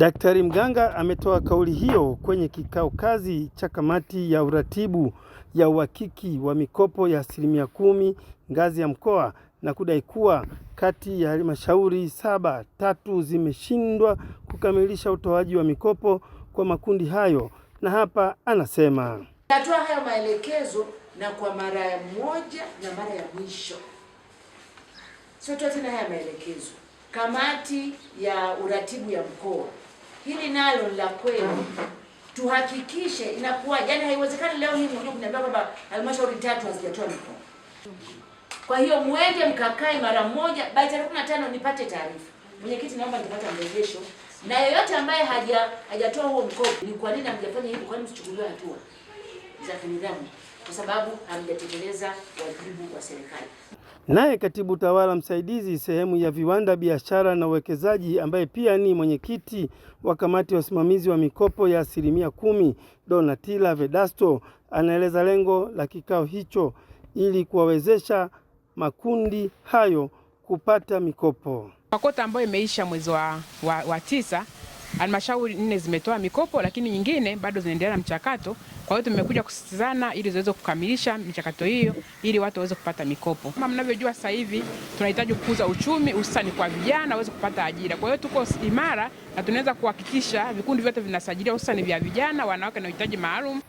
Daktari Mganga ametoa kauli hiyo kwenye kikao kazi cha kamati ya uratibu ya uhakiki wa mikopo ya asilimia kumi ngazi ya mkoa na kudai kuwa kati ya halmashauri saba, tatu zimeshindwa kukamilisha utoaji wa mikopo kwa makundi hayo, na hapa anasema natoa hayo maelekezo na kwa mara ya moja na mara ya mwisho sio tena haya maelekezo kamati ya uratibu ya mkoa hili nalo la kweli mm. tuhakikishe inakuwa, yani haiwezekani leo hii mmoja kuniambia kwamba halmashauri tatu hazijatoa mikopo. Kwa hiyo muende mkakae mara moja, by tarehe 15 nipate taarifa. Mwenyekiti, naomba nipate mrejesho na yeyote ambaye haja hajatoa huo mkopo, ni kwa nini hamjafanya hivyo? nini msichukuliwe hatua za kinidhamu? Kwa sababu hamjatekeleza wajibu wa serikali. Naye katibu tawala msaidizi sehemu ya viwanda, biashara na uwekezaji, ambaye pia ni mwenyekiti wa kamati ya usimamizi wa mikopo ya asilimia kumi, Donatila Vedasto anaeleza lengo la kikao hicho ili kuwawezesha makundi hayo kupata mikopo. Makota ambayo imeisha mwezi wa, wa, wa tisa Halmashauri nne zimetoa mikopo, lakini nyingine bado zinaendelea na mchakato. Kwa hiyo tumekuja kusisitizana ili ziweze kukamilisha michakato hiyo ili watu waweze kupata mikopo. Kama mnavyojua, sasa hivi tunahitaji kukuza uchumi hususani kwa vijana waweze kupata ajira. Kwa hiyo tuko imara na tunaweza kuhakikisha vikundi vyote vinasajiliwa hususani vya vijana, wanawake na uhitaji maalum.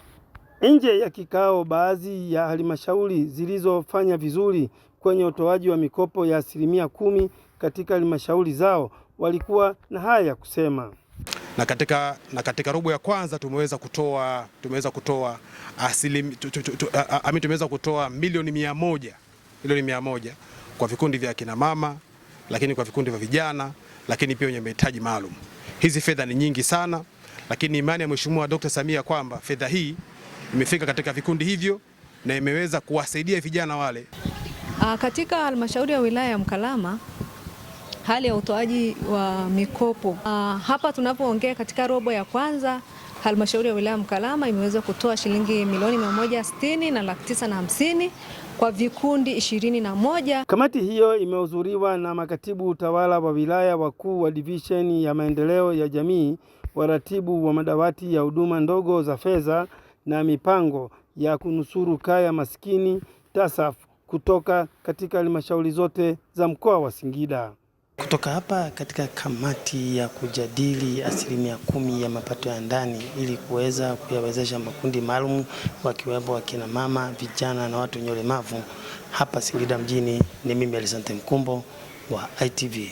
Nje ya kikao, baadhi ya halmashauri zilizofanya vizuri kwenye utoaji wa mikopo ya asilimia kumi katika halmashauri zao walikuwa na haya ya kusema na katika, na katika robo ya kwanza tumeweza kutoa tumeweza kutoa asilimia tumeweza kutoa milioni mia moja milioni mia moja kwa vikundi vya kina mama, lakini kwa vikundi vya vijana, lakini pia wenye mahitaji maalum. Hizi fedha ni nyingi sana, lakini imani ya Mheshimiwa Dr. Samia kwamba fedha hii imefika katika vikundi hivyo na imeweza kuwasaidia vijana wale. Katika halmashauri ya wilaya ya Mkalama hali ya utoaji wa mikopo. Uh, hapa tunapoongea katika robo ya kwanza halmashauri ya wilaya Mkalama imeweza kutoa shilingi milioni mia na laki tisa na hamsini kwa vikundi ishirini na moja. Kamati hiyo imehudhuriwa na makatibu utawala wa wilaya, wakuu wa divisheni ya maendeleo ya jamii, waratibu wa madawati ya huduma ndogo za fedha na mipango ya kunusuru kaya maskini TASAF kutoka katika halmashauri zote za mkoa wa Singida. Kutoka hapa katika kamati ya kujadili asilimia kumi ya mapato ya ndani ili kuweza kuyawezesha makundi maalum wakiwepo wakina mama, vijana na watu wenye ulemavu hapa Singida mjini, ni mimi Alisante Mkumbo wa ITV.